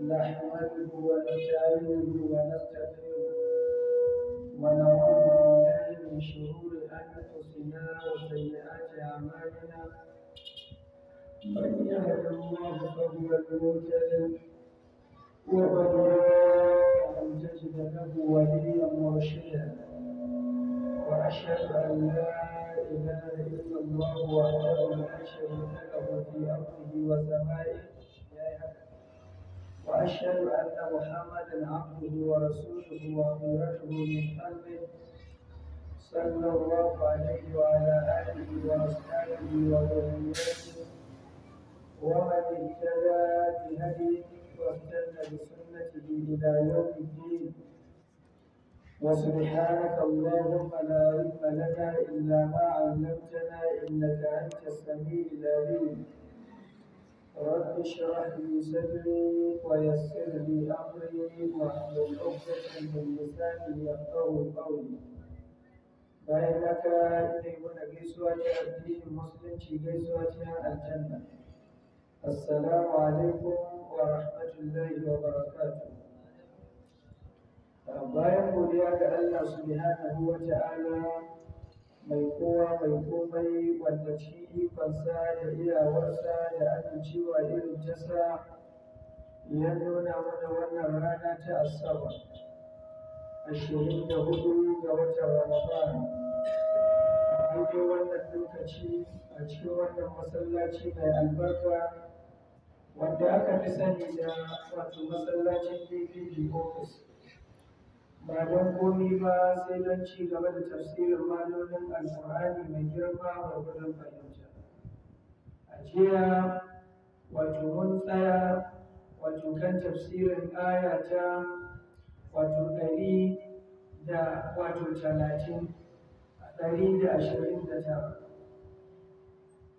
نحمده ونستعينه ونستغفره ونعوذ بالله من شرور انفسنا وسيئات اعمالنا من يهد الله فهو المهتد ومن يضلل تجد له وليا مرشدا واشهد ان لا اله الا الله وحده لا شريك له في ارضه وسمائه وأشهد أن محمدا عبده ورسوله وخيرته من خلقه صلى الله عليه وعلى آله وأصحابه وذريته ومن اهتدى بهديه واهتدى بسنته إلى يوم الدين وسبحانك اللهم لا علم لنا إلا ما علمتنا إنك أنت السميع العليم رب اشرح لي صدري ويسر لي امري واحلل عقدة من لساني يفقهوا قولي bayan haka zai mana gaisuwa ta addinin musulunci gaisuwa ta aljanna assalamu alaikum wa rahmatullahi wa barakatuh bayan godiya ga Allah subhanahu wa ta'ala mai kowa mai komai wanda ci ikonsa da iyawarsa da amincewa irin tasa ya nuna mana wannan rana ta Asaba. ashirin da hudu ga watan ramadan daidai wannan lokaci a cikin wannan masallaci mai albarka wanda aka fi sani da wato masallacin bbg office ba don komi ba sai don ci gaba da tafsirin malolin alkur'ani mai girma gwargwadon fahimta a jiya wato mun tsaya wato kan tafsirin aya ta wato ɗari da wato talatin ɗari da ashirin da tara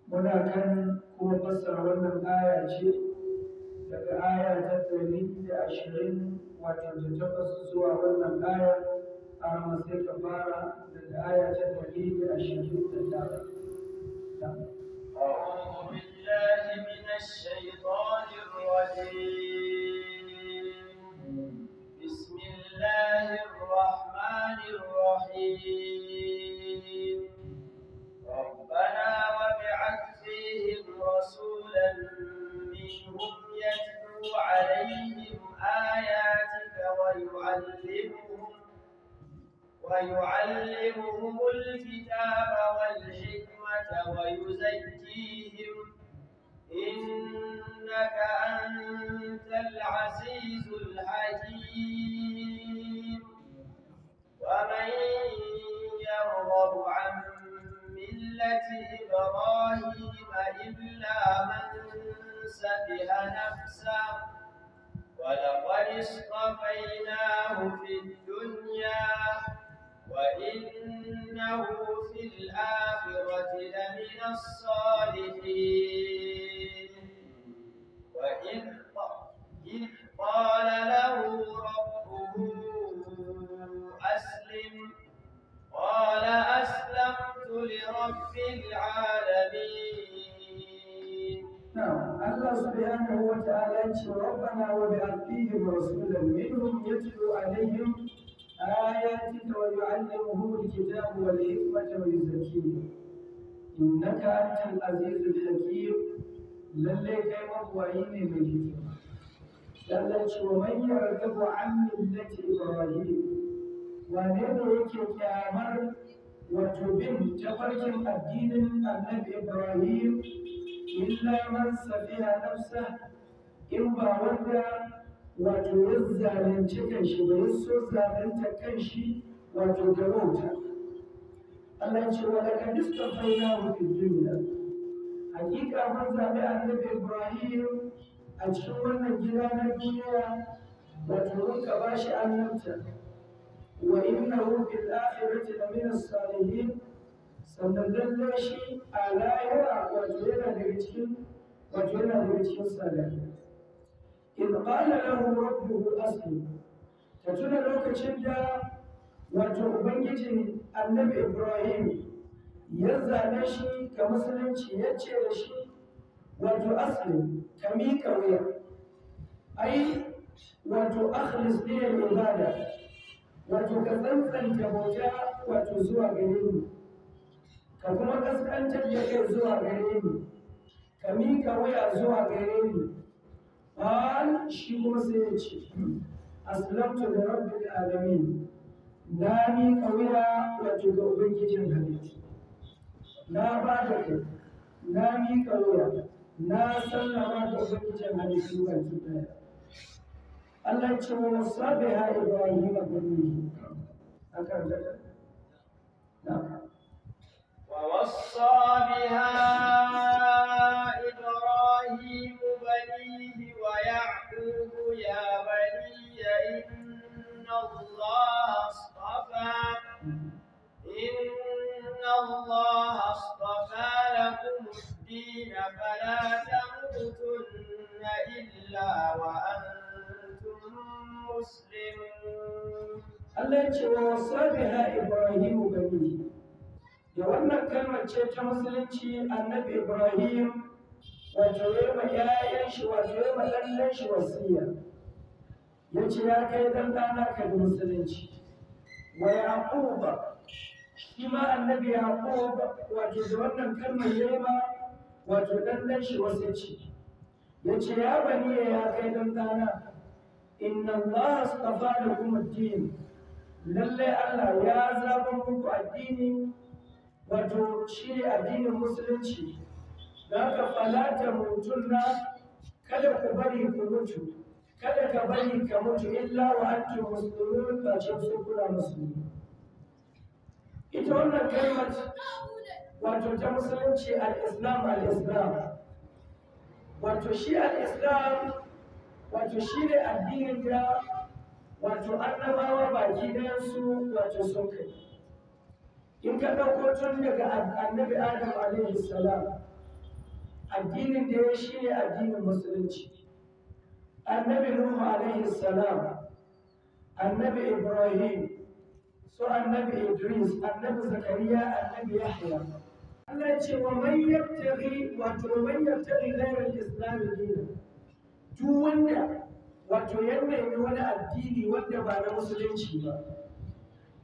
muna kan kuma fassara wannan aya ce daga aya ta ɗari da ashirin وتتقص سوى ولم الآية أنا مسيك فارا للآية التي أشهد الله أعوذ بالله من الشيطان الرجيم بسم الله الرحمن الرحيم ربنا وابعث فيهم رسولا منهم يتلو عليهم آياتك ويعلمهم ويعلمهم الكتاب والحكمة ويزكيهم إنك أنت العزيز الحكيم ومن يرغب عن ملة إبراهيم إلا من سفه نفسه ولقد اصطفيناه في الدنيا وإنه في الآخرة لمن الصالحين وإذ قال له ربه أسلم قال أسلمت لرب العالمين Allah subhanahu wa ta'ala ce rabbana wa bi afihi rasulan minhum yatlu alaihim ayatika wa yu'allimuhum alkitab wal hikmata wa yuzakkihim innaka antal aziz al hakim lalle kai mabwayi ne mai hikima Allah ce wa man yarghabu an millati ibrahim wa ne ne yake kyamar wato bin ta tafarkin addinin annabi ibrahim illa man safiha nafsa in ba wanda wato ya zalunci kanshi ba ya so zalunta kanshi wato da wauta Allah ce wa laqad istafainahu fid dunya hakika mun zabi annabi Ibrahim a cikin wannan gida na duniya wato mun ka bashi annabta wa innahu fil akhirati lamina salihin sannan lallai shi a lahira wato yana daga cikin wato yana daga cikin salihai in qala lahu rabbuhu aslim ta tuna lokacin da wato ubangijin annabi ibrahim ya zaɓe shi ka musulunci ya ce da shi wato aslim ka miƙa wuya ai wato akhlis ne ibada wato ka tsantsanta bauta wato zuwa gare ni ka kuma kaskantar da kai zuwa gare ni ka mika wuya zuwa gare ni qal shi kuma sai ya ce aslamtu da rabbil alamin na mika wuya wato ga ubangijin halittu na ba da kai na mika wuya, na sallama ga ubangijin halittu baki daya Allah ce wa sabiha ibrahim a gani akan da na ووصى بها إبراهيم بنيه ويعقوب يا بني إن الله اصطفى إن الله اصطفى لكم الدين فلا تموتن إلا وأنتم مسلمون. التي يوصى بها إبراهيم بنيه da wannan kalmar ce ta musulunci annabi ibrahim wato ya ma ƴaƴan shi wato ya ma ɗanɗan shi wasiya ya ce ya kai dan ɗana ka bi musulunci wa yaquba shi ma annabi yaqub wato da wannan kalmar ya ma wato ɗanɗan shi wasici ya ce ya bani ya kai dan ɗana inna allaha astafa lakum ad-din lalle allah ya zaɓa muku addini wato shi ne addinin musulunci za ka falata mutum na kada ku bari ku mutu kada ka bari ka mutu illa wa antum muslimun ba ce su kuna musulmi ita wannan kalmar wato ta musulunci al-islam al-islam wato shi al-islam wato shi ne addinin da wato annabawa baki ɗayansu wato sun kai in ka ɗauko tun daga annabi adam alaihi salam addinin da ya shi ne addinin musulunci annabi nuhu alaihi salam annabi ibrahim su annabi idris annabi zakariya annabi yahya Allah ce wa man yabtaghi wato man yabtaghi ghayra al-islam dinan duk wanda wato ya nemi wani addini wanda ba na musulunci ba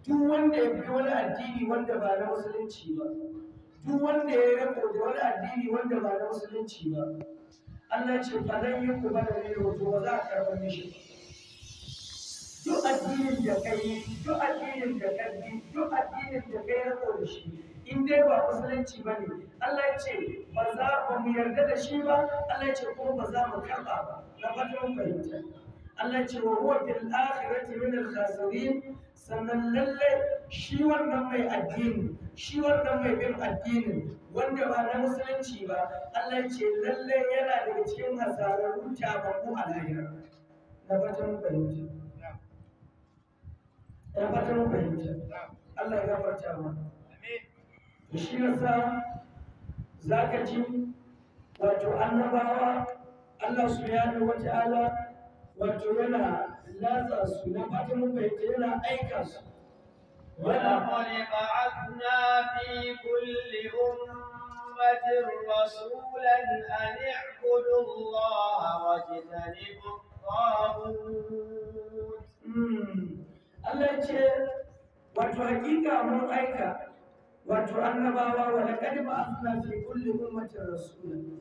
duk wanda ya bi wani addini wanda ba na musulunci ba duk wanda ya rako da wani addini wanda ba na musulunci ba Allah ce ba zan yi ku da ne wato ba za a karɓar mishi duk addinin da kai duk addinin da kai duk addinin da kai rako da shi in dai ba musulunci ba ne Allah ya ce ba za mu yarda da shi ba Allah ya ce ko ba za mu karɓa ba na fatan fahimta Allah ya ce wa huwa fil akhirati min al khasirin sannan lalle shi wannan mai addini shi wannan mai bin addini wanda ba na musulunci ba Allah ce lalle yana daga cikin ba ku a lahira da fatan fahimta da fatan fahimta Allah ya gafarta mu amin shi yasa zaka ji wato annabawa Allah subhanahu wata'ala wato yana latsa su na fatan ولقد بعثنا في كل أمة رسولا أن اعبدوا الله واجتنبوا الطاغوت. الله يجزي وتحقيق من أيكا وتعنبها ولقد بعثنا في كل أمة رسولا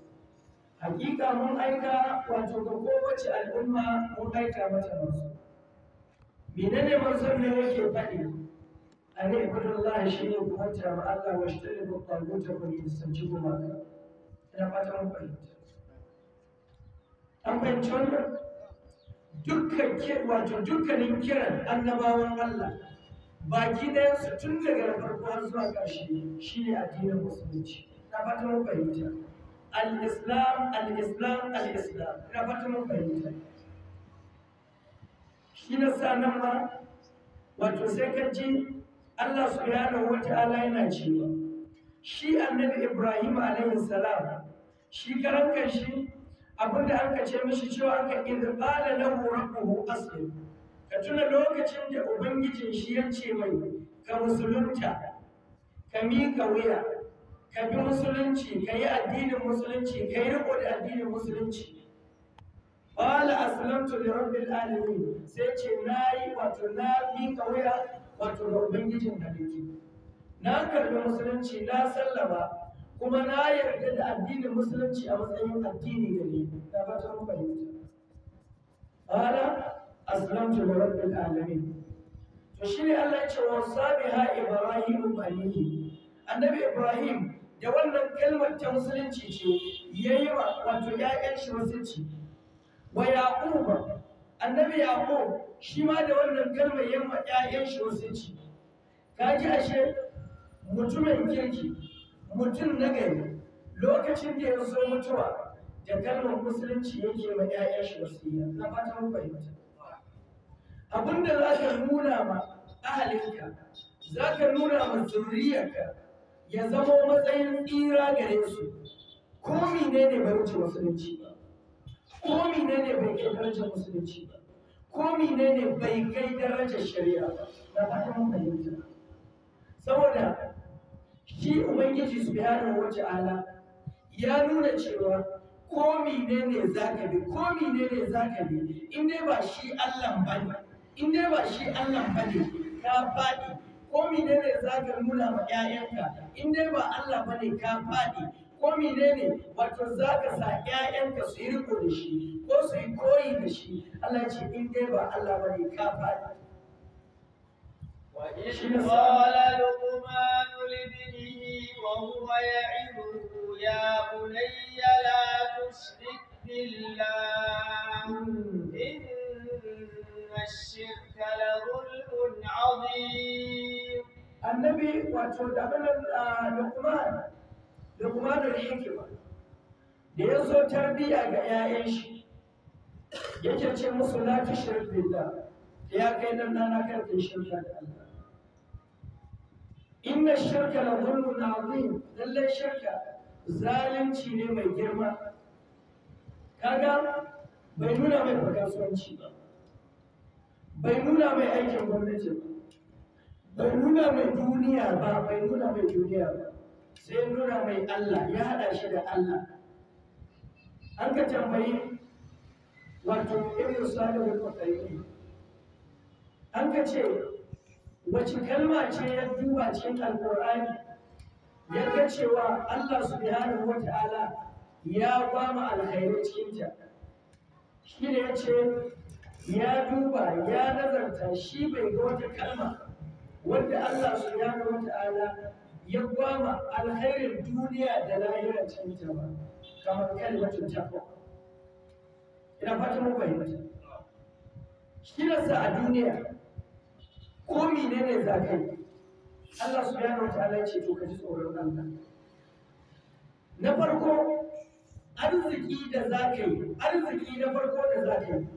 hakika mun aika wato ga kowace al'umma mun aika mata manzo menene manzo ne yake faɗi an ibadullah shi ne ku hanta ma Allah wa shi ne ku tabuta ku ne sanci ku maka ina fatan ku fahimta an fahimci wannan dukkan wato dukkanin kiran annabawan Allah baki ɗayan su tun daga farko har zuwa ƙarshe shi ne addinin musulunci na fata mun fahimta Al'islam, Al'islam, Al'islam, islam fata mun fahimta shi na sa nan ma wato sai ka ji Allah subhanahu wata, ta'ala yana cewa shi annabi Ibrahim alaihi salam shi karan kanshi abinda an ce mishi cewa ka idh qala na rabbuhu aslim ka tuna lokacin da ubangijin shi ya ce mai ka musulunta ka miƙa wuya ka bi musulunci ka yi addinin musulunci ka yi riko da addinin musulunci qala aslamtu li rabbil alamin sai ce nayi wato na bi kawaya wato ga ubangijin halittu na karbi musulunci na sallama kuma na yarda da addinin musulunci a matsayin addini da ne ta fata mun fahimta qala aslamtu li rabbil alamin to shine Allah ya ce wa sabiha ibrahim alayhi annabi ibrahim da wannan kalmar ta musulunci ce ya yi wa wato ‘ya'yan shi musulunci wa yaƙuba annabi yaƙo shi ma da wannan kalmar ya ma ‘ya'yan shi musulunci ka ji ashe mutumin kirki mutum na gari lokacin da ya zo mutuwa da kalmar musulunci yake ma ‘ya'yan shi wasiya na fahimta abinda za ka nuna ma ahalinka za ka nuna ma zuriyarka ya zamo matsayin tsira gare su ko mine ne bai wuce musulunci ba ko mine ne bai kai darajar musulunci ba ko mine ne bai kai darajar shari'a ba na fata mun fahimta saboda shi ubangiji subhanahu wace ala, ya nuna cewa ko mine ne ka bi ko mine ne ka bi in dai ba shi Allah bane in dai ba shi Allah bane ka faɗi ko mene ne za ka nuna ma 'ya'yanka in dai ba Allah ba ne ka faɗi ko mene ne wato za ka sa 'ya'yanka su yi riko da shi ko su yi koyi da shi Allah ce in dai ba Allah ba ne ka faɗi وإذ قال لقمان لابنه وهو يعظه يا بني لا تشرك بالله إن الشرك لظلم عظيم annabi wato da abinan lukman al hikima da ya zo tarbiya ga 'ya'yan shi yake ce musu la tushrik billah ya kai nan na na kai shirka da Allah inna shirka la zulmun azim lallai shirka zalunci ne mai girma kaga bai nuna mai kasuwanci ba bai nuna mai aikin gwamnati ba bai nuna mai duniya ba bai nuna mai duniya ba sai nuna mai Allah ya haɗa shi da Allah an ka tambayi wato ibn salih ibn qutaymi an ka ce wace kalma ce ya duba cikin alqur'ani ya ga cewa Allah subhanahu wata'ala ya mu alkhairu cikin ta shi ne ya ce ya duba ya nazarta shi bai ga wata kalma wanda Allah subhanahu wata ala ya gwama alkhairin duniya da lahira cikin ta ba kamar kalmatin taqwa ina fata mun fahimta shi sa a duniya ko menene za ka yi Allah subhanahu wa ta'ala ya ce to ka ji tsoron Allah na farko arziki da za ka yi arziki na farko da za ka yi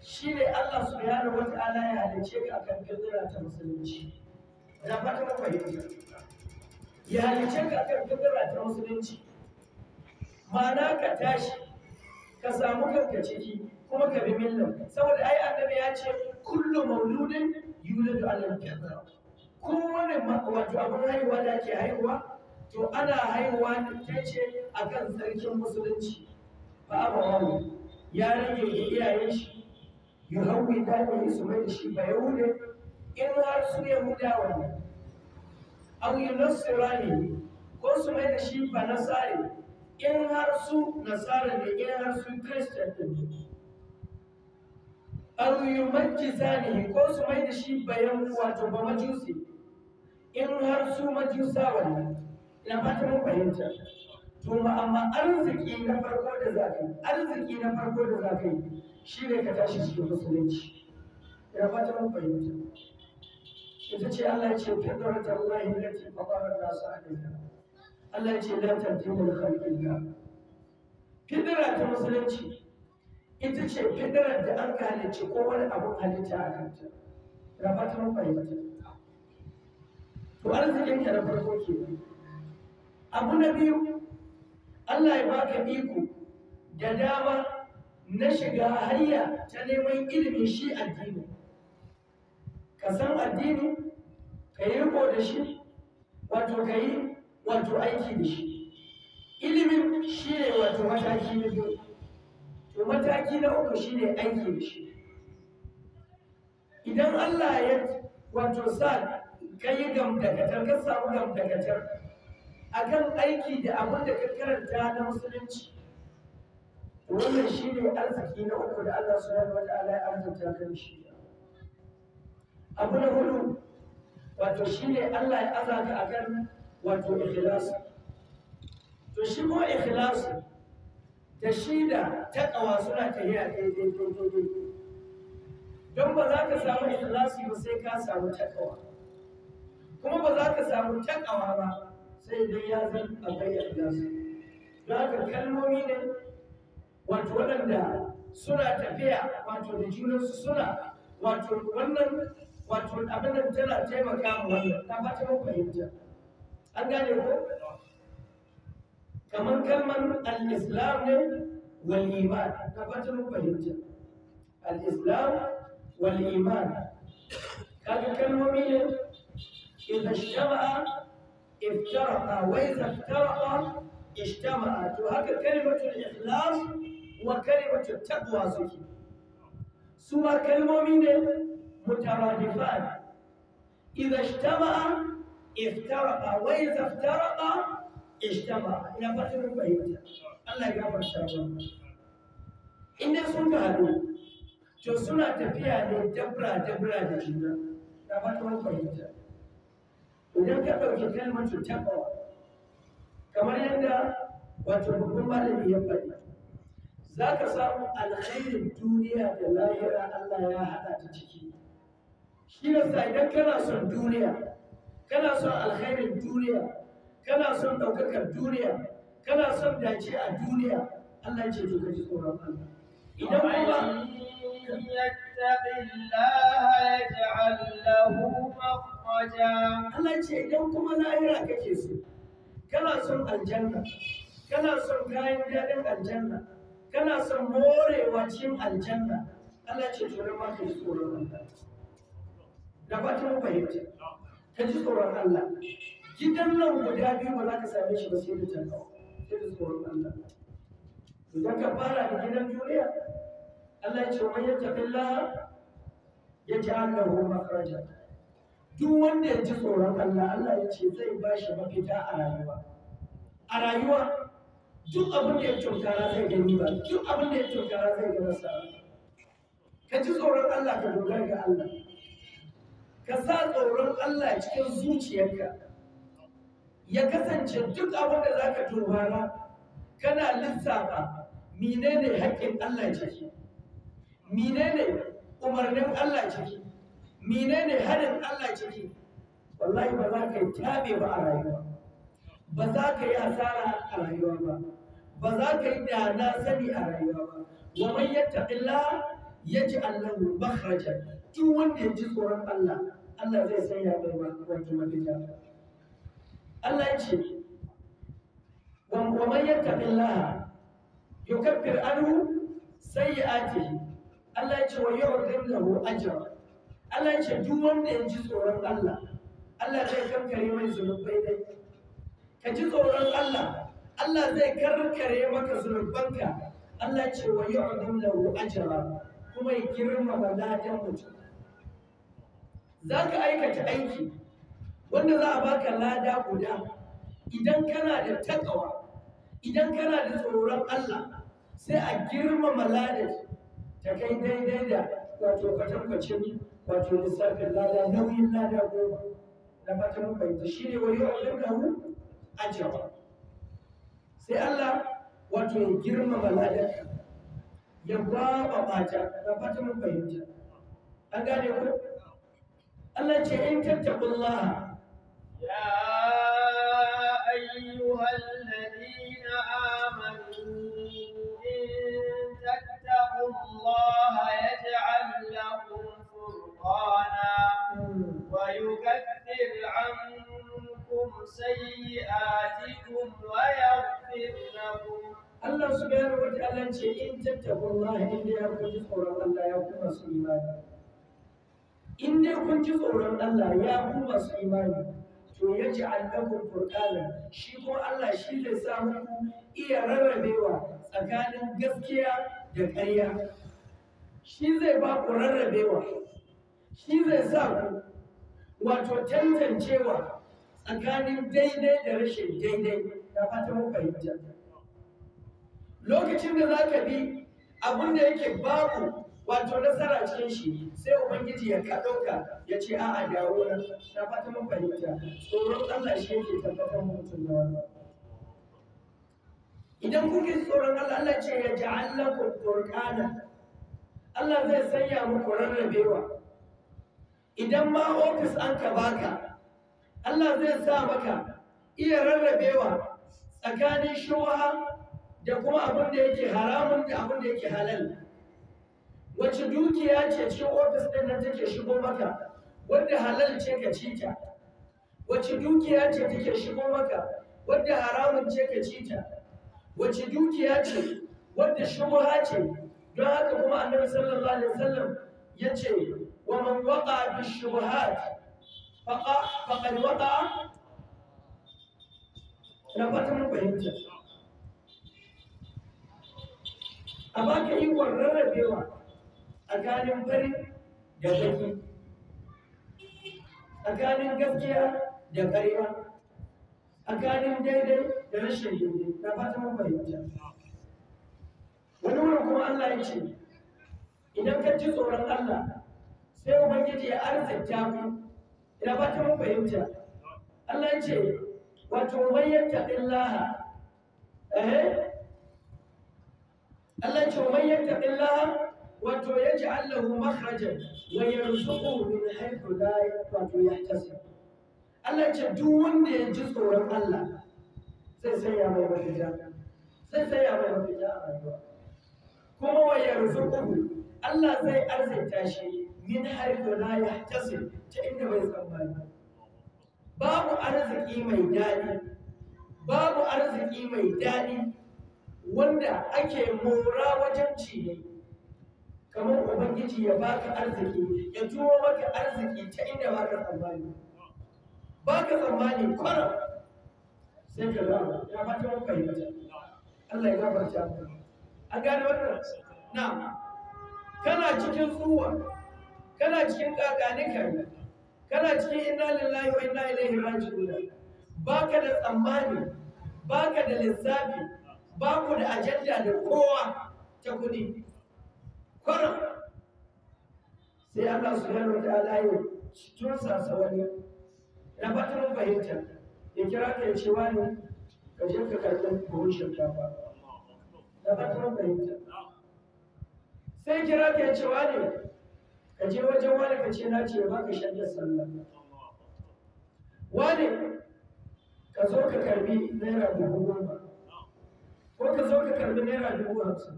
shi ne Allah subhanahu wa ya halicce ka kan kirkira ta musulunci Na fata mun fahimta ya halice ka kan kaddara ta musulunci ma'ana ka tashi ka samu kanka ciki kuma ka bi millan saboda ai annabi ya ce kullu mauludin yuladu ala al-fitra kowane wato abin haihuwa da ake haihuwa to ana haihuwa ne ta ce akan sarkin musulunci ba abawawo ya rage iyayen shi ya hauwi ta su mai da shi ba yahude in har su yahudawa ne abu yi nasira ne ko su mai da shi ba nasari in har su nasara ne in har su kristan ne abu yi majiza ne ko su mai da shi bayan wato ba majusi in har su majusawa ne na fata mun fahimta to ma amma arziki na farko da za arziki na farko da za ka shi ne ka tashi cikin musulunci na fata mun fahimta ita ce Allah ya ce fitrat Allah allati fatara nas alayha Allah ya ce la tabdila li khalqillah fitra ta musulunci ita ce fitrar da an halicci ko wani abu halitta a kanta da fatan fahimta to arzikin ka na farko ke abu na biyu Allah ya baka iko da dama na shiga hayya ta neman ilimin shi addini ka san addini ka yi riko da shi wato ka yi wato aiki da shi ilimin shi ne wato mataki na biyu to mataki na uku shi ne aiki da shi idan allah ya wato sa ka yi gamdakatar ka samu gamdakatar a kan aiki da abin da ka karanta na musulunci wannan shi ne arziki na uku da allah subhanahu wa ta'ala ya arzuta kan shi abu na hudu wato ne Allah ya azaka akan wato ikhlasi to shi ko ikhlasi da shi da takawa suna daidai don ba za ka samu ba sai ka samu takawa kuma ba za ka samu takawa ba sai dai ya kalmomi ne wato waɗanda suna tafiya wato da junansu suna wannan wato abin da tana taimaka mu wannan ta ba ta mun fahimta an gane ko kamar kalmar al-islam ne wal iman ta ba ta mun fahimta al-islam wal iman kaga kalmomi ne idza ijtama'a iftaraqa wa idza iftaraqa ijtama'a to haka kalmatul ikhlas wa kalmatul taqwa suke su ma kalmomi ne mutaradifati idha ijtamaa iftaraa wa idha iftaraa ijtamaa. Inapata nyumba hiyo tena, Allah yapa shaa inde sunka hadu to suna tafiya ne tabra tabra da jinna ta fata wani fahimta idan ka dauki kalmar su taba kamar yadda wato babban malami ya faɗi za ka samu alkhairin duniya da lahira Allah ya haɗa ta ciki shi ne sa idan kana son duniya kana son alkhairin duniya kana son ɗaukakar duniya kana son dace a duniya Allah ce to ka ji tsoron Allah idan kuma Allah ce idan kuma lahira kake so kana son aljanna kana son kayan daɗin aljanna kana son morewa cikin aljanna Allah ce to ma ka ji tsoron Allah da bakin fahimta ta ji tsoron Allah gidan nan guda biyu ba za ka same shi ba sai da jannawa sai da tsoron Allah idan ka fara da gidan duniya Allah ya ce wa ya tafi laha ya ji Allah makaraja duk wanda ya ji tsoron Allah Allah ya ce zai ba shi mafita a rayuwa a rayuwa duk abin da ya tunkara zai gani ba duk abin da ya tunkara zai gani sa ka ji tsoron Allah ka dogara ga Allah ka sa tsoron Allah cikin zuciyarka ya kasance duk abin da za ka turbara kana lissafa menene haƙƙin Allah ciki menene umarnin Allah ciki menene harin Allah ciki wallahi ba za ka yi tabe ba a rayuwa ba za ka yi asara a rayuwa ba ba za ka yi dana sani a rayuwa ba wa man ya yaj'al lahu makhraja duk wanda ya ji tsoron Allah Allah zai sanya mai wata mafita Allah ya ce gwangwaman yattaqillaha yukaffir anhu sayyi'atihi Allah ya ce wa yu'dhim lahu ajra Allah ya ce duk wanda ya ji tsoron Allah Allah zai kankare mai zunubai dai ka ji tsoron Allah Allah zai karkare maka zunubanka Allah ya ce wa yu'dhim lahu ajra kuma ya girmama ladan mutum za ka aikata aiki wanda za a baka lada guda idan kana da takawa idan kana da tsoron Allah sai a girmama ladar ta kai daidai da wato kwatankwacin wato lissafin lada nauyin lada goma na fatan mun bayyana shi ne wani wajen a jawa sai Allah wato ya girmama ladar ya ba ba mata na fatan mun bayyana an gane ku Allah ce in tattaqullaha ya ayyuhal ladina amanu in tattaqullaha yaj'al lakum furqana wa yukaffir 'ankum sayyi'atikum wa yaghfir lakum Allah subhanahu wa ta'ala ce in tattaqullaha in ya kuji tsoron Allah ya kuma su imani in dai kun ji tsoron Allah ya ku masu imani to ya ji allakun furkanin shi ko Allah shi zai sa muku iya rarrabewa tsakanin gaskiya da ƙarya shi zai ba ku rarrabewa shi zai sa ku wato tantancewa tsakanin daidai da rashin daidai da fata mu fahimta lokacin da za ka bi abin da yake babu wato nasara ce shi sai ubangiji ya ka dauka ya ce a'a dawo nan na fata mun fahimta tsoron Allah shi yake tabbatar mutum da wannan idan kuke tsoron Allah Allah ce ya ja'al lakum qur'ana Allah zai sanya muku rarrabewa idan ma ofis an ka baka Allah zai sa maka iya rarrabewa tsakanin shuwa da kuma abin da yake haramun da abin da yake halal wacce dukiya ce cikin ofis ɗin nan take shigo maka wanda halal ce ka ci ta wacce dukiya ce take shigo maka wanda haramun ce ka ci ta wacce dukiya ce wanda shubha ce don haka kuma annabi sallallahu alaihi wasallam ya ce wa man waqa bi shubuhat faqa faqad waqa na fata mun fahimta amma ka yi kwararrabewa tsakanin fari da baki tsakanin gaskiya da ƙarya tsakanin daidai da rashin daidai na fata mun fahimta wani wurin kuma Allah ya ce idan ka ji tsoron Allah sai ubangiji ya arzikta ku ina fata mun fahimta Allah ya ce wato man yattaqillaha eh Allah ya ce man yattaqillaha wato ya ji Allahu makhrajan wa yarzuqu min haythu la wato yahtasib Allah ce duk wanda ya ji tsoron Allah zai sanya mai mafita zai sanya mai mafita a rayuwa kuma wa yarzuqu Allah zai arzaita shi min haythu la yahtasib ta inda bai tsammani babu arziki mai dadi babu arziki mai daɗi wanda ake mora wajen ciye kamar ubangiji ya baka arziki ya tuwo maka arziki ta inda baka tsammani baka tsammani kwara sai ka zama ya fata mun fahimta Allah ya gafarta mu A gane wannan na kana cikin tsuwa kana cikin ka kana cikin inna lillahi wa inna ilaihi raji'un baka da tsammani baka da lissafi baku da ajanda da kowa ta kudi kurin sai Allah subhanahu wa ta'ala ya tursa sa wani na batun fahimta ya kira ka ya ce wani ka je ka karɓi buhun shinkafa na batun fahimta sai kira ka ya ce wani ka je wajen wani ka ce na ce ba ka shaɗa sallah wani ka zo ka karɓi naira dubu goma ko ka zo ka karɓi naira dubu hamsin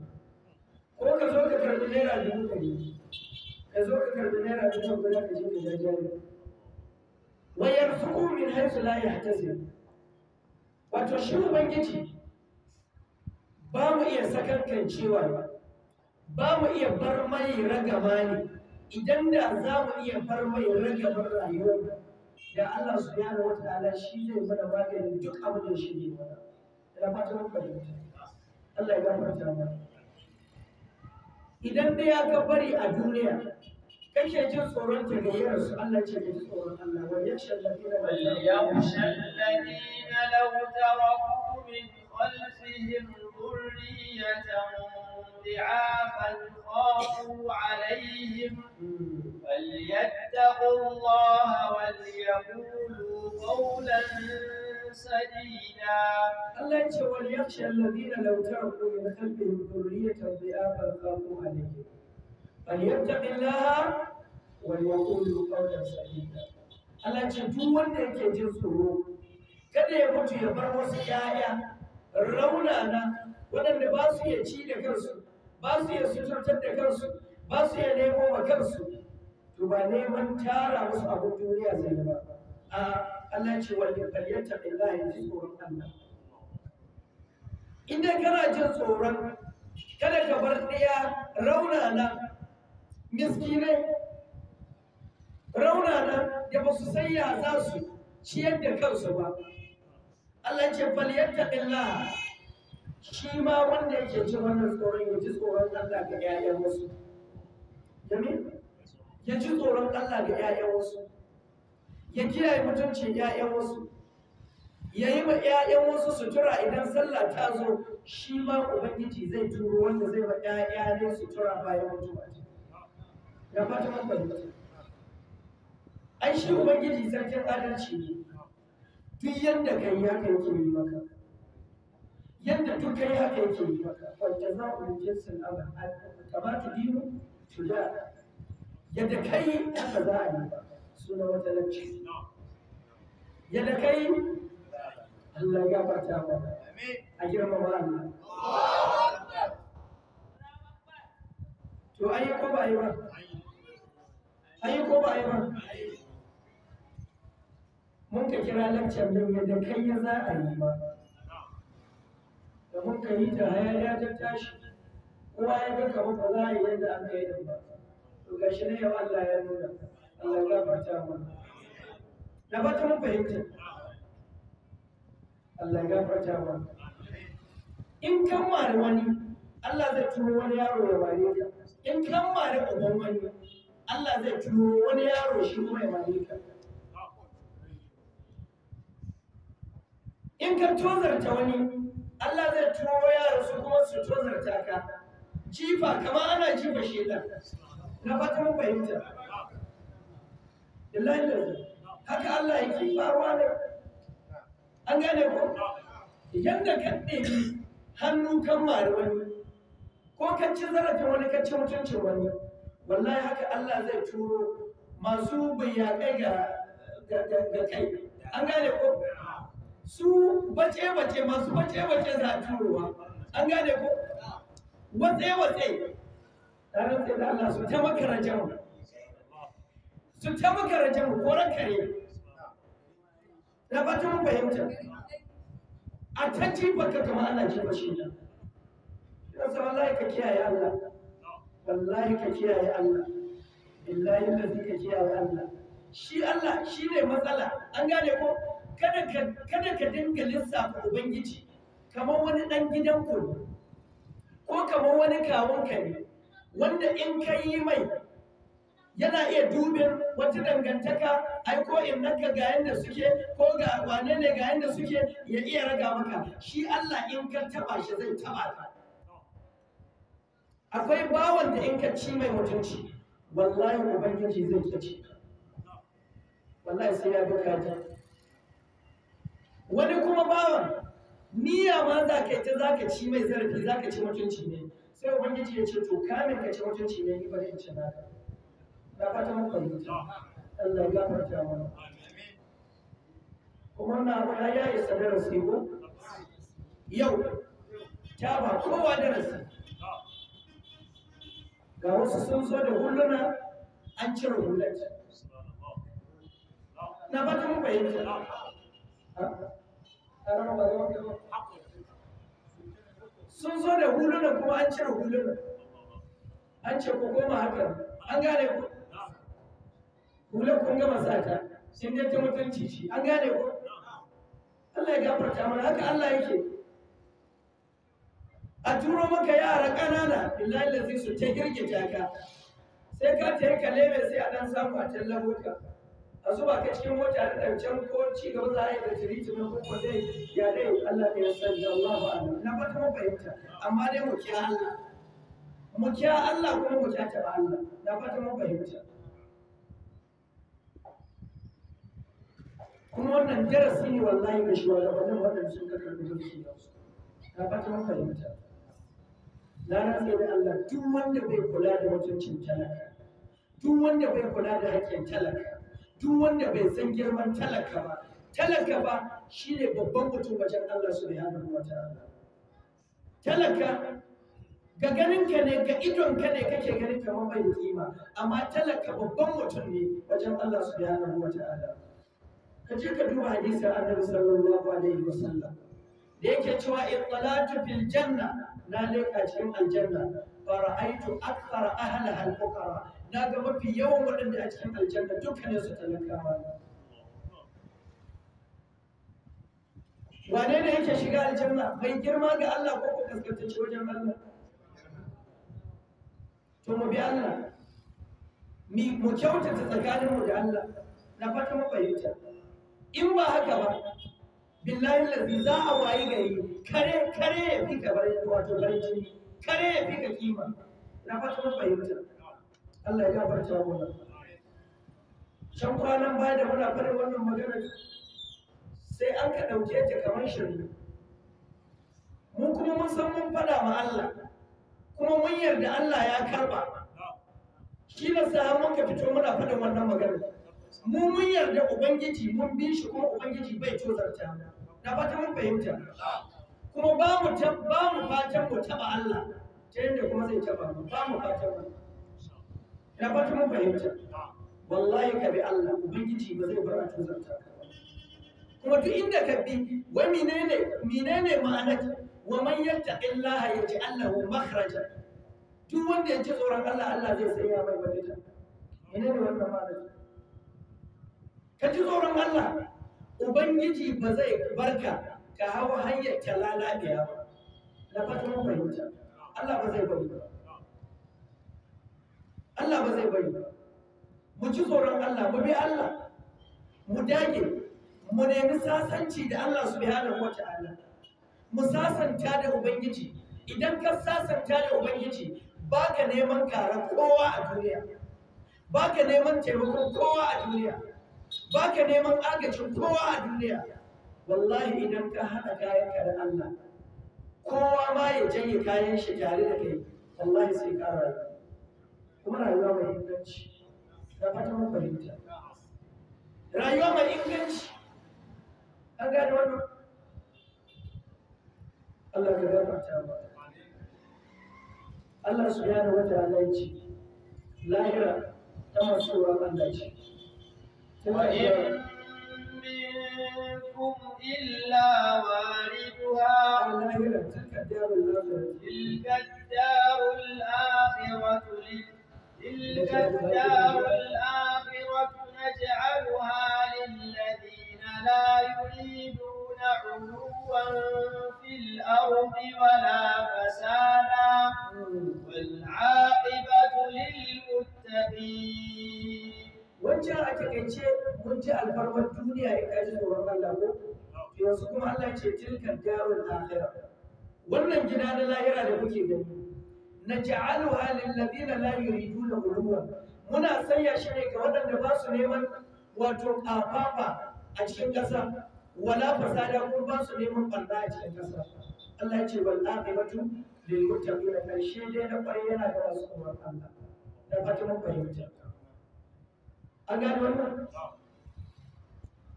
ko ka zo ka karbi naira dubu ɗari ka zo ka karbi naira dubu guda ka je ka jajjari wa yarzuqu min haythu la yahtasib wato shi ubangiji ba mu iya sakankan cewa ba ba mu iya bar mai ragama ne idan da za mu iya bar mai ra'gama rayuwar da Allah subhanahu wata ala shi zai mana maganin duk abin da shi ne mana da fatan mun fahimta Allah ya gafarta mana idan ɗaya ka bari a duniya kake jin tsoron ta gayyar su Allah ce ji tsoron Allah wa yakhsha alladhina yakhsha alladhina law taraku min khalfihim dhurriyatan ضعافا خافوا عليهم فليتقوا سديدا الله يقول وليخشى الذين لو تركوا من خلفهم ذرية ضعافا خافوا عليهم فليتق الله وليقول قولا سديدا Allah ce duk wanda yake jin tsoro kada ya mutu ya bar wasu ‘ya'ya raunana waɗanda ba su iya ci da kansu ba su iya suturtar da kansu ba su iya nemo wa kansu to ba neman tara musu abin duniya zai ba a Allah ce wanda faliyarta Allah ya ji tsoron Allah Inda dai kana jin tsoron kada ka bar ɗaya raunana miskinai raunana da ba su san ya za su ciyar da kansu ba Allah ce faliyarta Allah shi ma wanda yake ci wannan tsoron ya ji tsoron Allah ga 'ya'yan wasu. Jami'a? Ya ji tsoron Allah ga 'ya'yan wasu. ya kiyaye mutuncin 'ya'yan wasu ya yi wa 'ya'yan wasu sutura idan sallah ta zo shi ma ubangiji zai turo wanda zai wa 'ya'ya ne sutura bayan mutuwa ya fata mun fahimta ai shi ubangiji sarkin adalci ne duk yadda kai ya kai ke yi maka yadda duk kai ya kai ke yi maka wanda za ku yi jinsin abin kamata biyu da. yadda kai haka za a yi ba suna wata lacci ya da kai Allah ya farta ba a girmama Allah to an ko ba yi ba an yi ko ba yi ba mun ka kira laccan da ya da kai ya za a yi ba da mun ka yi ta haya ya ta tashi kowa ya ga kamar ba za a yi yadda an ka yi ba to gashi ne yau Allah ya nuna Allah ya gafarta mana na ba ta fahimta Allah ya gafarta mana in kan mare wani Allah zai turo wani yaro ya mare ka in kan mare uban wani Allah zai turo wani yaro shi kuma ya mare ka in ka tozarta wani Allah zai turo yaro su kuma su tozarta ka jifa kamar ana jifa shedan na fatan fahimta billahi lazi haka Allah yake faruwa ne an gane ko yanda ka ɗebi hannu kan mari wani ko kan ci zarafin wani kan ci mutuncin wani wallahi haka Allah zai turo masu bayyakai ga kai an gane ko su bace bace masu bace bace za a turowa an gane ko watse watse tare da Allah su ta makarajan su ta makarantar mu ko kare na ba ta mu fahimta a ta jifar ka kama Allah jifa shi ne yasa wallahi ka kiyaye Allah wallahi ka kiyaye Allah billahi lazi ka kiyaye Allah shi Allah shi ne matsala an gane ko kada ka dinga lissafa ubangiji kamar wani ɗan gidan ku ko kamar wani kawunka ne wanda in ka yi mai yana iya dubin wata dangantaka ai ko in naka ga yanda suke ko ga wane ne ga yanda suke ya iya raga maka shi Allah in ka taba shi zai taba ka akwai bawan da in ka ci mai mutunci wallahi ubangiji zai kici wallahi sai ya bukata wani kuma bawan niyya ma za ka ta za ka ci mai zarafi za ka ci mutunci ne sai ubangiji ya ce to kamin ka ci mutunci ne ni bari in ci naka da fata mun fahimta Allah ya farta mana kuma na ba ya isa darasi ko yau ta ba kowa darasi ga wasu sun zo da hulluna an cire hullat na fata mun fahimta sun zo da huluna kuma an cire huluna an ce ku goma hakan an gane ku hular kun gama sa ta sun ta mutunci shi an gane ko Allah ya gafarta mana haka Allah yake a turo maka yara ƙanana illa lazi su ta girgita ka sai ka ta yi lebe sai a dan samu a tallafo ka a zuba ka cikin mota da ɗancen ko ci gaba za a yi da tiriti na kuma zai ya dai Allah ya san da Allah ba Na na fata mun fahimta amma dai mu kiya Allah mu kiya Allah kuma mu kiya ta Allah na fata mun fahimta kuma wannan darasi ne wallahi ga shugabannin waɗanda sun ka karɓi mulki na su na fata mun fahimta na rantsa da Allah duk wanda bai kula da mutuncin talaka duk wanda bai kula da haƙƙin talaka duk wanda bai san girman talaka ba talaka ba shine babban mutum wajen Allah subhanahu wataala talaka ga ganin ka ne ga idon ka ne kake ganin kamar bai kima amma talaka babban mutum ne wajen Allah subhanahu wataala ka je ka duba hadisin annabi sallallahu alaihi wasallam da yake cewa ittalatu fil janna na leka cikin aljanna fara'aitu akthara ahliha al-fuqara na ga mafi yawan waɗanda a cikin aljanna dukkanin su talakawa wane ne yake shiga aljanna mai girma ga Allah ko ko kaskantacce wajen Allah to mu bi Allah mu kyautata tsakaninmu da Allah na fata mu fahimta in ba haka ba billahi lazi za a wayi gari kare kare ya fi ka bari wato bari jini kare ya fi ka kima na fata mun fahimta Allah ya gafarta mana can kwanan baya da muna fara wannan magana sai an ka ɗauke ta kamar shirme mu kuma mun san mun faɗa ma Allah kuma mun yarda Allah ya karba shi ne sa mun ka fito muna faɗin wannan magana mu mun yarda ubangiji mun bin shi kuma ubangiji bai tozarta na fata mun fahimta kuma ba mu ba mu fatan mu taba Allah ta yadda kuma zai taba mu ba mu fatan mu na fata mun fahimta wallahi ka bi Allah ubangiji ba zai bar a tozarta kuma duk inda ka bi wa menene menene ma'anar wa man yattaqillaha yaj'al lahu makhraja duk wanda ya ji tsoron Allah Allah zai sanya mai mafita menene wannan ma'ana ka ji tsoron Allah ubangiji ba zai barka ka hawa hanyar ta lalabiya ba na fatan fahimta Allah ba zai bari ba Allah ba zai bari ba mu ji tsoron Allah mu bi Allah mu dage mu nemi sasanci da Allah subhanahu wata'ala mu sasanta da ubangiji idan ka sasanta da ubangiji ba ka neman kara kowa a duniya ba ka neman taimakon kowa a duniya ba ka neman agajin kowa a duniya wallahi idan ka haɗa kayan ka da Allah kowa ma ya janye kayan shi tare da kai wallahi sai ka rayu kuma rayuwa mai inganci da fata mu fahimta rayuwa mai inganci an gane wannan Allah ka gafarta ba Allah subhanahu wa ta'ala ya ce lahira ta masu ruwan Allah ce وإن منكم إلا واردها تلك الدار الآخرة نجعلها للذين لا يريدون علوا في الأرض ولا فسادا والعاقبة للمتقين wancan a takaice mun ji alfarmar duniya ya kaji tsoron Allah ko yanzu kuma Allah ce tilkan darul akhirah wannan gida na lahira da kuke gani na ja'alu halil ladina la yuriduna ulwa muna sanya shi ne ga waɗanda ba su neman wato kafafa a cikin ƙasa wala fasada ko ba su neman barna a cikin ƙasa Allah ya ce wal aqibatu lil muttaqin karshe dai na kwarai yana da wasu tsoron Allah da fatan mun fahimta an gano wannan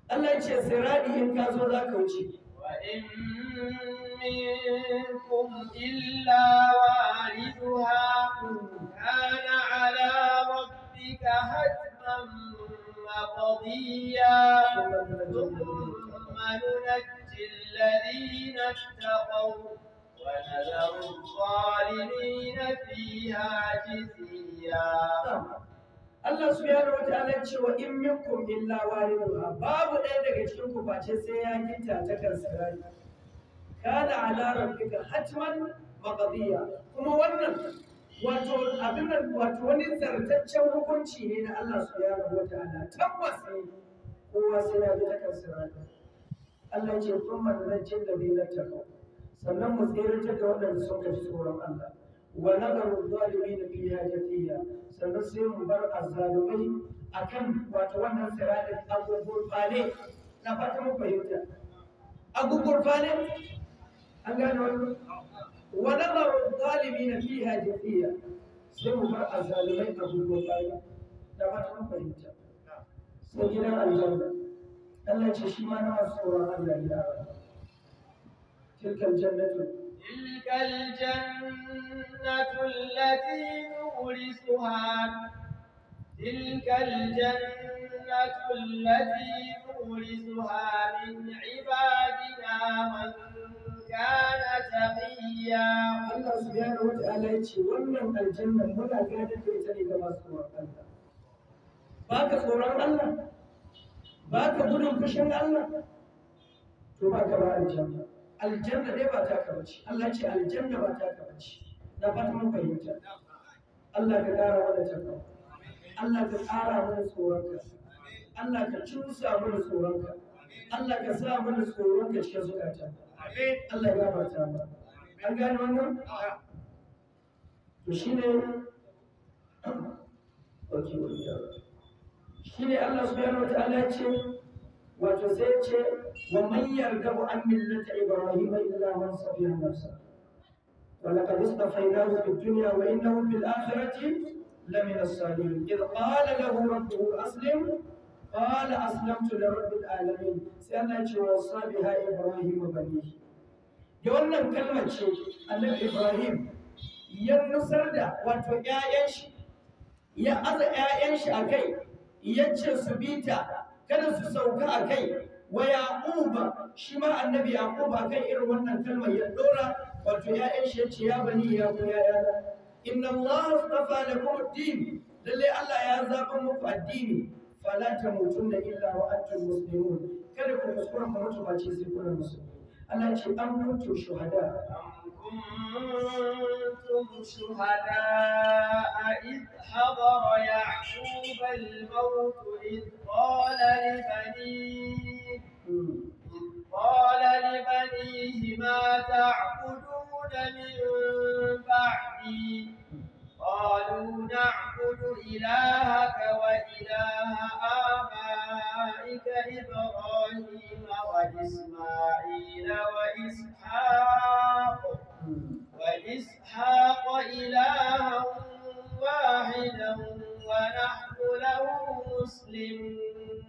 Allah ya ce sirari in منكم إلا واردها كان على ربك هدما مقضيا ثم ننجي الذين اتقوا ونذر الظالمين فيها جزيا Allah subhanahu wataala ce wa in minkum illa wariduha babu ɗaya daga cikin ku face sai ya ginta ta kan sarari kana ala rabbika hatman maqdiya kuma wannan wato abin nan wato wani zartaccen hukunci ne na Allah subhanahu wataala tabbas ne kowa sai ya bi ta kan sarari Allah ce kuma da zai da bai na sannan mu tsere ta waɗanda suka ji tsoron Allah wa nadaru zalimin fiha jafiya sannan sai mu bar azzalumai akan wato wannan siratin abubuwan fale na fata mu fahimta abubuwan fale an gane wani wa nadaru zalimin fiha jafiya sai mu bar azzalumai abubuwan fale na sai gidan Allah ce shi تلك الجنة التي نورثها تلك الجنة التي نورثها من عبادنا من Allah subhanahu wataala ya ce wannan aljanna'n muna gadar da ita ne ga masu tsoron ba ka tsoron Allah ba ka gudun fushin Allah to ba ka ba aljanna aljanna dai ba ta kabace Allah ce aljanna ba ta kabace na fata mun fahimta Allah ka ƙara mana jaka Allah ka ƙara mana tsoronka Allah ka cusa mana tsoronka Allah ka sa mana tsoronka cikin zukata Allah ya gafarta ba. an gane wannan to shine okay wani shine Allah subhanahu wa ta'ala ya ce wato sai ce wa man yargabu an millata ibrahima illa man safiha nafsa ولقد اصطفيناه في الدنيا وانه في الاخره لمن الصالحين اذ قال له ربه اسلم قال اسلمت لرب العالمين سيما وصى بها ابراهيم بنيه da wannan kalmar ce annabi ibrahim ya nusar da wato ƴaƴan shi ya aza ƴaƴan shi a kai ya ce su bi ta kada su sauka a kai wa Ya'uba shi ma annabi Ya'uba kan irin wannan kalmar ya dora wato ya yan shi yace ya bani ya ku ya ya inna allah astafa lakum din lalle allah ya zaba muku addini fala tamutunna illa wa antum muslimun kada ku kuskura ku mutu ba ce sai kuna musulmi Allah ce an mutu shuhada كنتم شهداء إذ حضر يعقوب الموت إذ قال لبنيه إذ قال لبنيه ما تعبدون من بعدي قالوا نعبد إلهك وإله آبائك إبراهيم وإسماعيل وإسحاق إسحاق إلها واحدا ونحن له مسلمون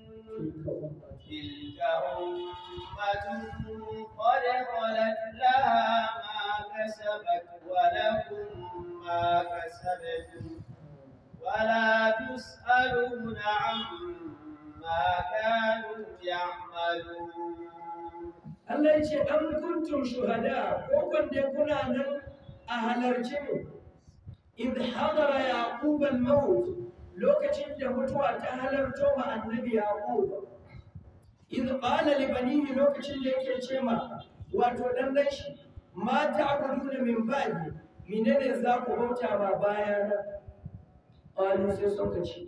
تلك أمة قد خلت لها ما كسبت ولكم ما كسبتم ولا تسألون عما كانوا يعملون الله ya كنتم شهداء kuntum shuhada, a halarci? mu idh hadara yaqub al-maut lokacin da mutuwa ta halarto ma annabi yaqub idh qala li banihi lokacin da yake ce ma wato dan dan shi ma ta'buduna min ba'di menene za ku bauta ma baya na qalu sai suka ce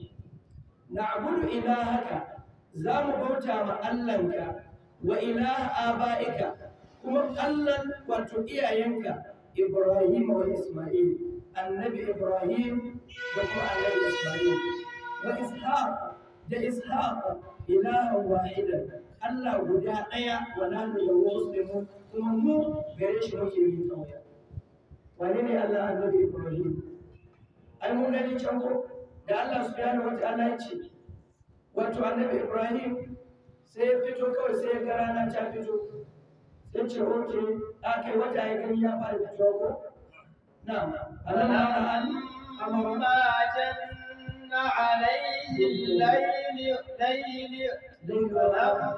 na'budu ilahaka za mu bauta ma allanka, wa ilaha aba'ika kuma allan wato iyayenka Ibrahim wa Ismail annabi Ibrahim da kuma annabi Ismail wa Ishaq da Ishaq ilahan wahidan Allah guda ɗaya wa nanu da muslimu kuma mu gare shi muke yin tsawaya wane ne Allah annabi Ibrahim ai mun gani can ko da Allah su wa ta'ala Allah ce wato annabi Ibrahim sai ya fito kawai sai ya ga rana ta fito ya ce oke aka wata ya gani ya fara fitowa ko na'am alam ara an amara janna alayhi layli layli lamma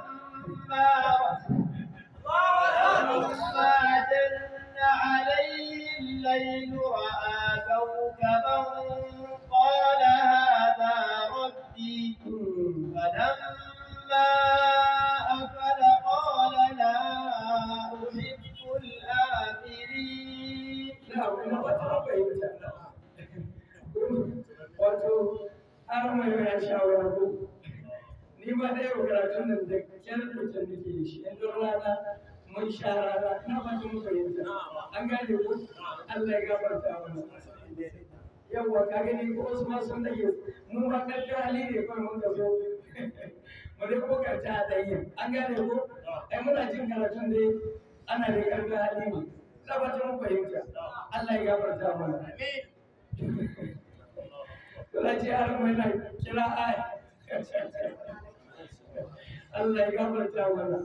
ولما جن عليه الليل رأى كوكبا قال هذا ربي فلما karatu har mai yana shawara ku, ni ba da yau karatun nan da kyar mutum nake da shi yanzu rana mun sha rana ina ba ta muka yanzu an gane ku Allah ya gafarta mana yawwa ka gani ko wasu ma sun dage mu ba kan hali ne kawai mun ka zo mu dai ko ta da yin an gane ku ai muna jin karatun dai ana da karfin hali ne ina ba ta muka yanzu Allah ya gafarta mana amin Alhaji Yaron mai na kira ai. Allah ya gafarta mana.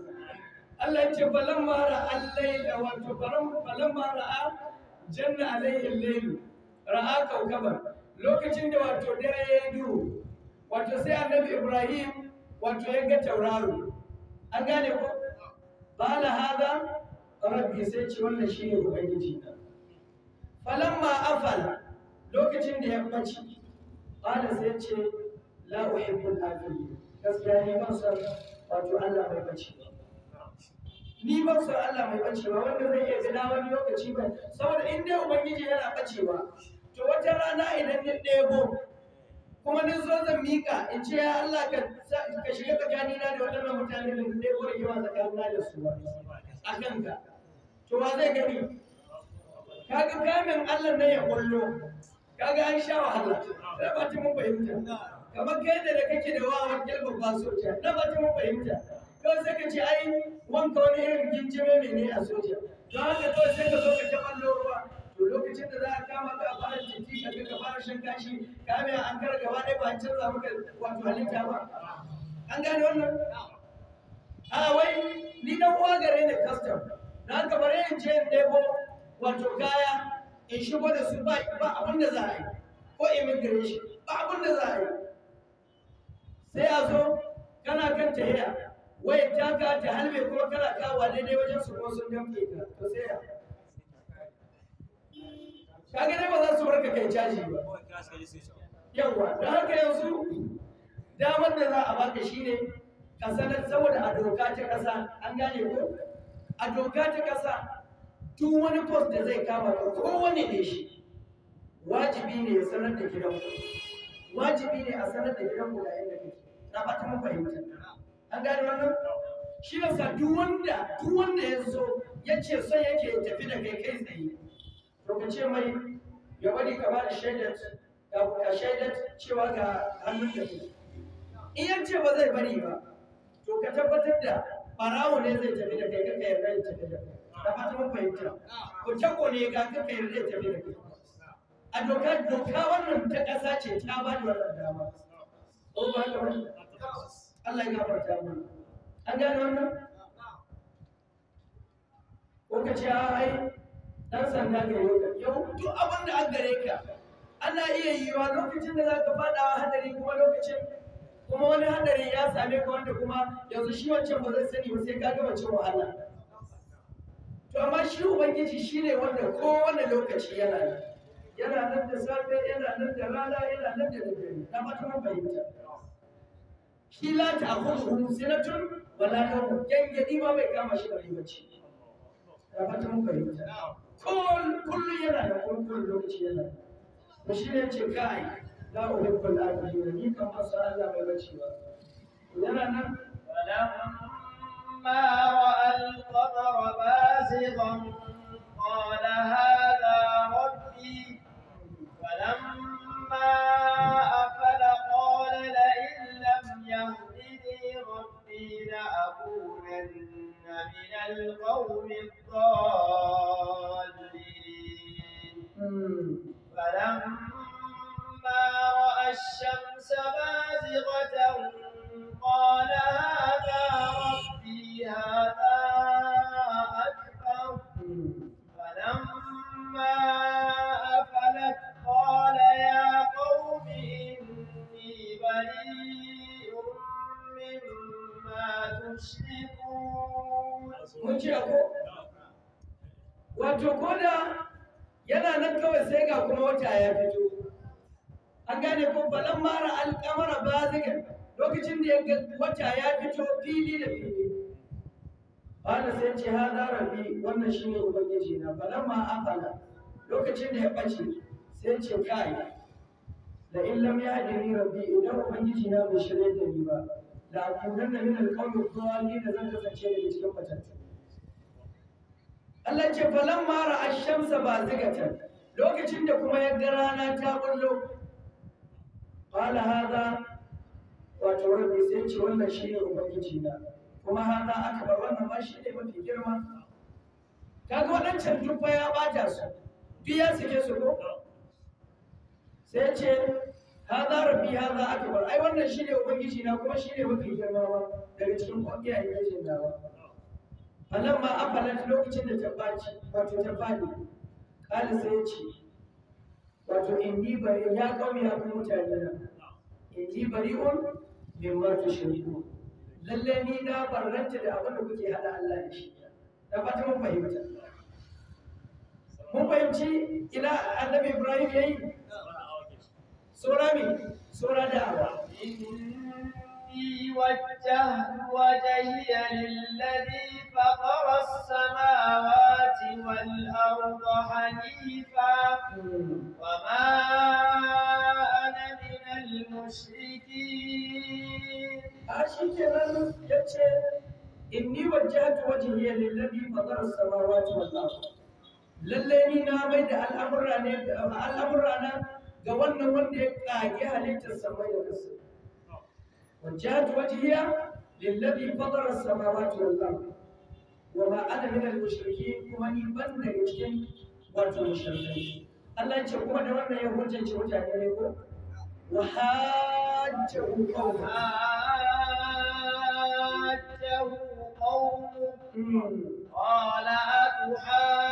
Allah ya ce balan mara allai da wato balan mara a janna alayhi lailu ra'a kaukabar lokacin da wato dare ya duhu wato sai annabi Ibrahim wato ya ga tauraro an gane ko bala hada rabbi sai ce wannan shine ubangiji na falamma afala lokacin da ya mace qala sai ce la uhibbu al-afili gaskiya ni ban san wato Allah mai bace ni ban san Allah mai ba. wanda zai iya gida wani lokaci ba saboda in dai ubangiji yana bacewa to wata rana idan ni ɗebo kuma ni zo zan mika in ce ya Allah ka ka shiga tsakanina da waɗannan mutane da ɗebo da yawa tsakanina da su a kanka to wa zai gani kaga kamin Allah ne ya kullo kaga an sha wahala na ba mun fahimta kamar kai da da kake da wawar kalmar ba soja na ba mun fahimta kawai sai ka ce ai wanka wani irin gimjime mai ne a soja To haka kawai sai ka zo ka ta ballo ruwa to lokacin da za a kama ka a fara jiki ka ka fara shan kashi ka mai an kara gaba ɗaya ba an canza maka wato halitta ba an gane wannan a wai ni dan uwa gare ne custom na kamar yin in je in ɗebo wato kaya in shigo da su ba abin da za a yi ko immigration ba abin da za a yi sai a zo kana kan tahiya wai ta ka ta halbe kuma kana kawa daidai wajen su kuma sun damke ka to sai ya kaga dai ba za su barka kai caji ba yawa da haka yanzu damar da za a baka shine ka sanar saboda a doka ta kasa an gane ko a doka ta kasa duk wani post da zai kama ka kowane ne shi wajibi ne ya sanar da gidan wajibi ne a sanar da gidan ku da yadda kake na fata mun fahimta an gane wannan shi yasa duk wanda duk wanda ya zo ya ce son yake ya tafi da kai kai tsaye to ka ce mai ya bari ka bada shaidat ka shaidat cewa ga hannun da kake in ya ce ba zai bari ba to ka tabbatar da farawo ne zai tafi da kai kai yarda ya tafi da kai da fatan fahimta ko tako ne ga ka kai zai tafi a doka doka wannan ta ƙasa ce ta ba da wannan dama ko ba da Allah ya gafarta mu an gane wannan ko ka ce ai dan sanda ga yau yau duk abin da an gare ka ana iya yiwa lokacin da za ka faɗa hadari kuma lokacin kuma wani hadarin ya same ka wanda kuma yanzu shi wancan ba zai sani ba sai ka gama cin wahala amma shi ubangiji ne wanda kowane lokaci yana nan yana nan da safe yana nan da rana yana nan da dare na fata mun bayyana shi la ta akhudhu sinatun wala nawm gangadi ba bai kama shi da ribaci na fata mun bayyana kullum yana da kullu lokaci yana da shi ne ce kai la uhibbul ajira ni kan fasa Allah bai bace ba yana nan wala فلما رأى القمر بازغا قال هذا ربي فلما أفل قال لئن لم يهدني ربي لأكونن من القوم الضالين فلما رأى الشمس بازغة قال هذا هذا أكبر wato koda yana nan kawai sai ga kuma wata ya fito an gane ko balan mara alkamara ba zika lokacin da ya ga wata ya fito fili da fili Bala sai ce hada rabi wannan shi ne Ubangiji na falamma afala lokacin da ya ɓace sai ce kai da illam ya adini rabi idan Ubangiji na bai shirye da ni ba da akunan da min alƙawmi dawali da zan kasance da cikin fatattu. Allah ce falamma ra'a shamsa ba zigatan lokacin da kuma ya ga rana ta bullo qala haza wato Rabi sai ce wannan shi ne Ubangiji na kuma hada aka bar wannan ma shi ne mafi girma kaga waɗancan duk fa ya bata su duk ya sake su ko sai ce hada rabbi hada aka bar ai wannan shi ne ubangiji na kuma shi ne mafi girma ba daga cikin ƙungiyar yajin dawa falan ma afalat lokacin da ta baci wato ta fadi kala sai ce wato inni bari ya kauye abin mutane na bari on? min wato shari'un Lallai ni na barranta da abin da kuke hada Allah da shi da fata mun fahimta mun fahimci ina annabi Ibrahim yayi sura mi sura da hawa وجهت وجهي للذي فطر السماوات والأرض حنيفا وما أنا من المشركين a shi kenan ya ce inni wajjahtu wajhiya lillazi fatara as-samawati wal ardh lalle ni na mai da al'amura ne al'amura na ga wannan wanda ya kage halittar samai da ƙasa wajjahtu wajhiya lillazi fatara as-samawati wal ardh wa ma ana min al-mushrikeen kuma ni ban daga cikin wato mushrikai Allah ya ce kuma da wannan ya hujjance mutane ne ko wa hajjahu قال أتحاسب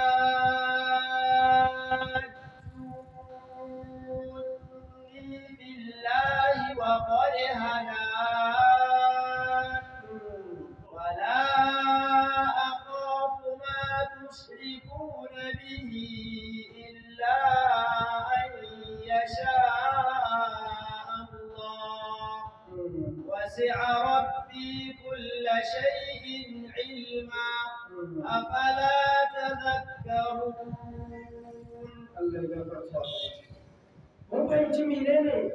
mine ne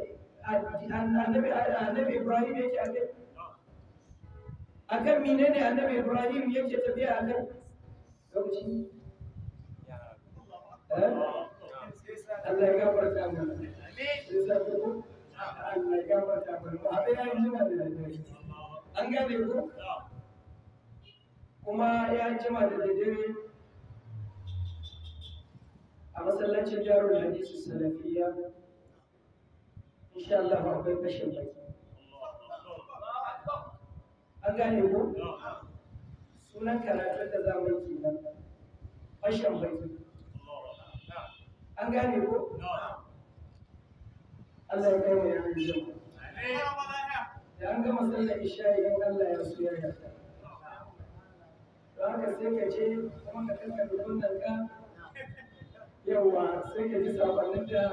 annabi ibrahim yake a kai mine ne annabi ibrahim yake tafiya a kai gauci eh? Allah ya gafarta mu amin sai ya gafarta mu da dare an gane ku kuma ya jima da dare a masallacin jarul hadisi salafiyya insha Allah akwai fashin baki an gane ko sunan karatun da zamu yi nan fashin baki an gane ko Allah ya kai mu yaran jama'a da an gama sallar isha in Allah ya so ya yarda don haka sai ka je kuma ka kanka da wannan ka yawa sai ka ji sabanin da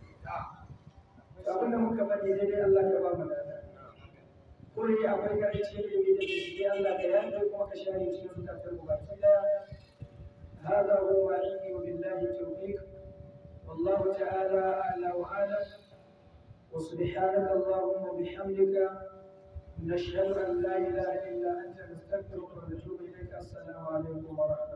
abinda muka bari dai Allah ya ba mu da ta kuri akwai ga cikin da yake da shi Allah da yanda kuma ka share shi da tafsir mu baki da hada hu wa alihi wa billahi tawfiq wallahu ta'ala ala wa ala wa subhanaka allahumma bihamdika نشهد أن لا da إلا أنت نستغفرك ونتوب إليك